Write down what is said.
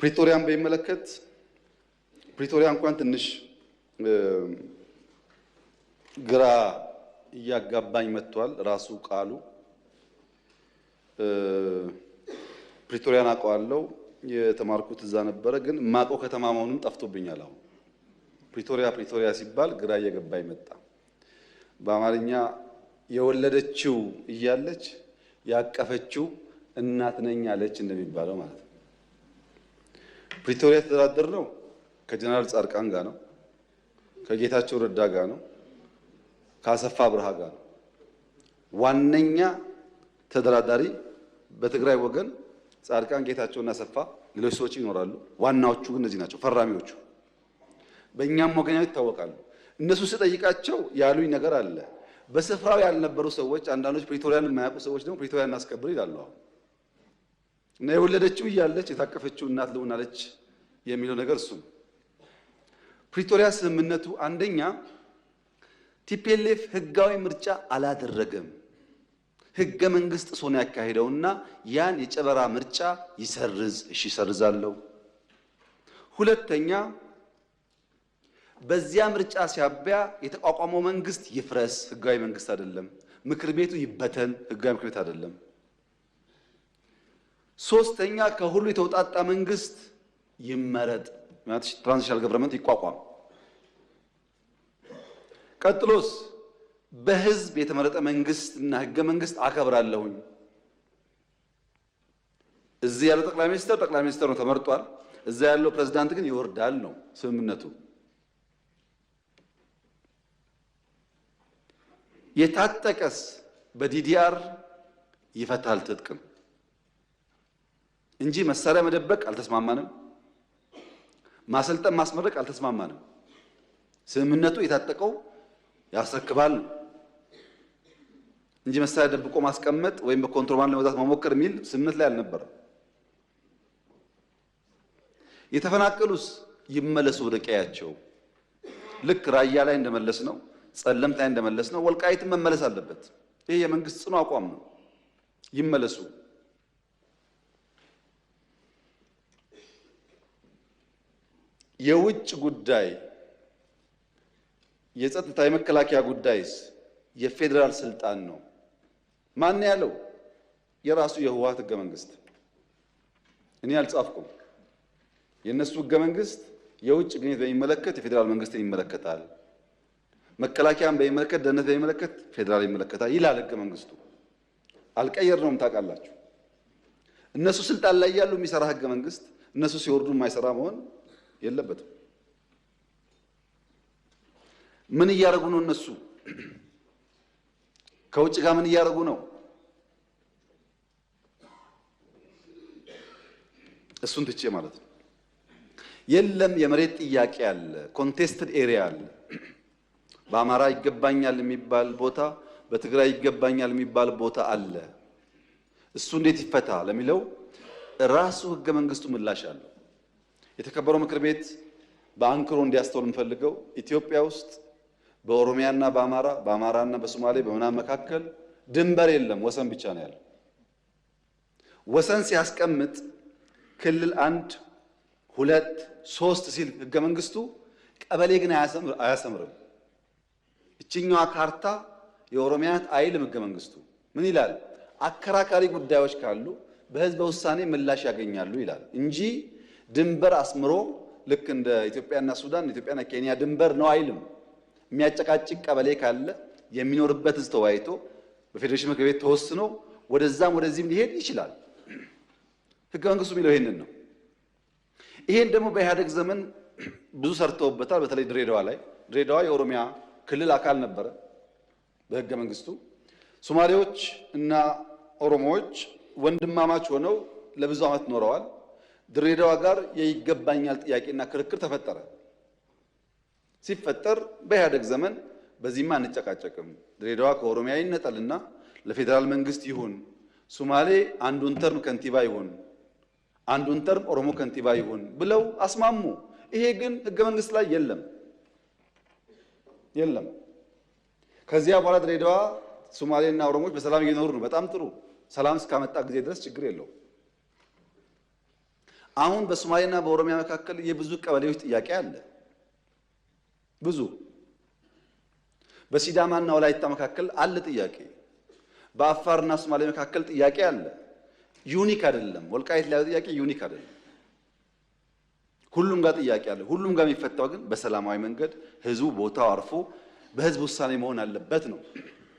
ፕሪቶሪያን በሚመለከት ፕሪቶሪያ እንኳን ትንሽ ግራ እያጋባኝ መጥቷል። ራሱ ቃሉ ፕሪቶሪያን አውቀዋለሁ፣ የተማርኩት እዛ ነበረ። ግን ማቆ ከተማ መሆኑን ጠፍቶብኛል። አሁን ፕሪቶሪያ ፕሪቶሪያ ሲባል ግራ እየገባኝ መጣ። በአማርኛ የወለደችው እያለች ያቀፈችው እናት ነኝ አለች እንደሚባለው ማለት ነው። ፕሪቶሪያ የተደራደር ነው ከጀነራል ጻድቃን ጋር ነው፣ ከጌታቸው ረዳ ጋር ነው፣ ከአሰፋ ብርሃ ጋር ነው። ዋነኛ ተደራዳሪ በትግራይ ወገን ጻድቃን፣ ጌታቸውና አሰፋ፣ ሌሎች ሰዎች ይኖራሉ። ዋናዎቹ ግን እነዚህ ናቸው፣ ፈራሚዎቹ በእኛም ወገን ይታወቃሉ። እነሱ ስጠይቃቸው ያሉኝ ነገር አለ። በስፍራው ያልነበሩ ሰዎች፣ አንዳንዶች ፕሪቶሪያን የማያውቁ ሰዎች ደግሞ ፕሪቶሪያ እናስከብር ይላሉ። አሁን እና የወለደችው እያለች የታቀፈችው እናት ልሆናለች የሚለው ነገር እሱ ነው። ፕሪቶሪያ ስምምነቱ አንደኛ ቲፒኤልኤፍ ህጋዊ ምርጫ አላደረገም፣ ህገ መንግስት ጥሶ ነው ያካሄደውና ያን የጨበራ ምርጫ ይሰርዝ። እሺ ይሰርዛለሁ። ሁለተኛ በዚያ ምርጫ ሲያበያ የተቋቋመው መንግስት ይፍረስ፣ ህጋዊ መንግስት አይደለም። ምክር ቤቱ ይበተን፣ ህጋዊ ምክር ቤት አይደለም። ሶስተኛ ከሁሉ የተውጣጣ መንግስት ይመረጥ ትራንዚሽናል ገቨርንመንት ይቋቋም። ቀጥሎስ በህዝብ የተመረጠ መንግስት እና ህገ መንግስት አከብራለሁኝ። እዚህ ያለው ጠቅላይ ሚኒስትር ጠቅላይ ሚኒስትር ነው ተመርጧል። እዛ ያለው ፕሬዝዳንት ግን ይወርዳል ነው ስምምነቱ። የታጠቀስ በዲዲአር ይፈታል ትጥቅም እንጂ መሳሪያ መደበቅ አልተስማማንም። ማሰልጠን ማስመረቅ አልተስማማንም። ስምምነቱ የታጠቀው ያስረክባል እንጂ መሳሪያ ደብቆ ማስቀመጥ ወይም በኮንትሮባንድ ለመግዛት መሞከር የሚል ስምምነት ላይ አልነበረም። የተፈናቀሉስ ይመለሱ ወደ ቀያቸው። ልክ ራያ ላይ እንደመለስ ነው፣ ጸለምት ላይ እንደመለስ ነው፣ ወልቃይትን መመለስ አለበት። ይሄ የመንግስት ጽኑ አቋም ነው። ይመለሱ። የውጭ ጉዳይ የጸጥታ የመከላከያ ጉዳይስ የፌዴራል ስልጣን ነው። ማን ያለው? የራሱ የህወሓት ህገ መንግስት። እኔ አልጻፍኩም። የእነሱ ህገ መንግስት የውጭ ግንኙነት በሚመለከት የፌዴራል መንግስትን ይመለከታል፣ መከላከያን በሚመለከት ደህንነት በሚመለከት ፌዴራል ይመለከታል ይላል ህገ መንግስቱ። አልቀየር ነውም ታውቃላችሁ። እነሱ ስልጣን ላይ ያሉ የሚሰራ ህገ መንግስት፣ እነሱ ሲወርዱ የማይሰራ መሆን የለበትም። ምን እያደረጉ ነው እነሱ? ከውጭ ጋር ምን እያደረጉ ነው? እሱን ትቼ ማለት ነው። የለም የመሬት ጥያቄ አለ፣ ኮንቴስትድ ኤሪያ አለ። በአማራ ይገባኛል የሚባል ቦታ፣ በትግራይ ይገባኛል የሚባል ቦታ አለ። እሱ እንዴት ይፈታ ለሚለው ራሱ ህገ መንግስቱ ምላሽ አለው። የተከበረው ምክር ቤት በአንክሮ እንዲያስተውል የምፈልገው ኢትዮጵያ ውስጥ በኦሮሚያና በአማራ በአማራና በሶማሌ በምናምን መካከል ድንበር የለም፣ ወሰን ብቻ ነው ያለው። ወሰን ሲያስቀምጥ ክልል አንድ ሁለት ሶስት ሲል ህገ መንግስቱ ቀበሌ ግን አያሰምርም። እችኛዋ ካርታ የኦሮሚያ አይልም ህገ መንግስቱ። ምን ይላል? አከራካሪ ጉዳዮች ካሉ በህዝበ ውሳኔ ምላሽ ያገኛሉ ይላል እንጂ ድንበር አስምሮ ልክ እንደ ኢትዮጵያና ሱዳን ኢትዮጵያና ኬንያ ድንበር ነው አይልም። የሚያጨቃጭቅ ቀበሌ ካለ የሚኖርበት ህዝብ ተወያይቶ በፌዴሬሽን ምክር ቤት ተወስኖ ወደዛም ወደዚህም ሊሄድ ይችላል። ህገ መንግስቱ የሚለው ይሄንን ነው። ይሄን ደግሞ በኢህአደግ ዘመን ብዙ ሰርተውበታል። በተለይ ድሬዳዋ ላይ ድሬዳዋ የኦሮሚያ ክልል አካል ነበረ በህገ መንግስቱ። ሶማሌዎች እና ኦሮሞዎች ወንድማማች ሆነው ለብዙ ዓመት ኖረዋል። ድሬዳዋ ጋር የይገባኛል ጥያቄና ክርክር ተፈጠረ። ሲፈጠር በኢህአደግ ዘመን በዚህማ አንጨቃጨቅም፣ ድሬዳዋ ከኦሮሚያ ይነጠልና ለፌዴራል መንግስት ይሁን፣ ሱማሌ አንዱን ተርም ከንቲባ ይሁን፣ አንዱን ተርም ኦሮሞ ከንቲባ ይሁን ብለው አስማሙ። ይሄ ግን ህገ መንግስት ላይ የለም የለም። ከዚያ በኋላ ድሬዳዋ ሶማሌና ኦሮሞች በሰላም እየኖሩ ነው። በጣም ጥሩ። ሰላም እስካመጣ ጊዜ ድረስ ችግር የለውም። አሁን በሶማሌና በኦሮሚያ መካከል የብዙ ቀበሌዎች ጥያቄ አለ። ብዙ በሲዳማና ወላይታ መካከል አለ ጥያቄ። በአፋርና ሶማሌ መካከል ጥያቄ አለ። ዩኒክ አይደለም። ወልቃይት ላይ ጥያቄ ዩኒክ አይደለም። ሁሉም ጋር ጥያቄ አለ። ሁሉም ጋር የሚፈታው ግን በሰላማዊ መንገድ ህዝቡ ቦታው አርፎ በህዝብ ውሳኔ መሆን አለበት ነው።